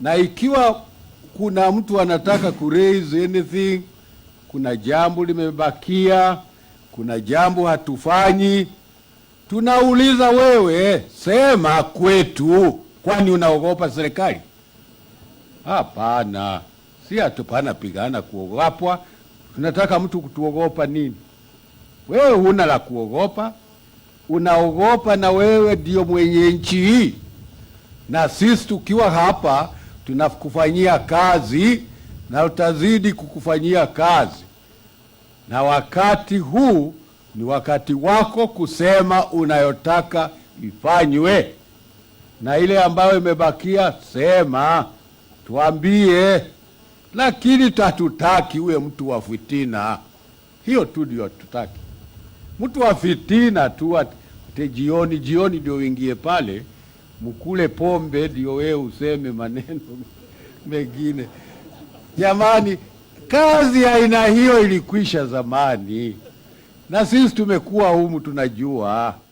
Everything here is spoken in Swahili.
na ikiwa kuna mtu anataka ku raise anything, kuna jambo limebakia, kuna jambo hatufanyi, tunauliza wewe, sema kwetu. Kwani unaogopa serikali? Hapana, si hatupana pigana kuogopwa. Tunataka mtu kutuogopa nini? Wewe huna la kuogopa, unaogopa na wewe ndio mwenye nchi hii, na sisi tukiwa hapa tunakufanyia kazi na utazidi kukufanyia kazi, na wakati huu ni wakati wako kusema unayotaka ifanywe, na ile ambayo imebakia sema, tuambie, lakini tatutaki uwe mtu wa fitina. Hiyo tu ndio tutaki, mtu wa fitina tu, ati jioni jioni ndio uingie pale mkule pombe ndio wewe useme maneno mengine. Jamani, kazi ya aina hiyo ilikwisha zamani, na sisi tumekuwa humu tunajua.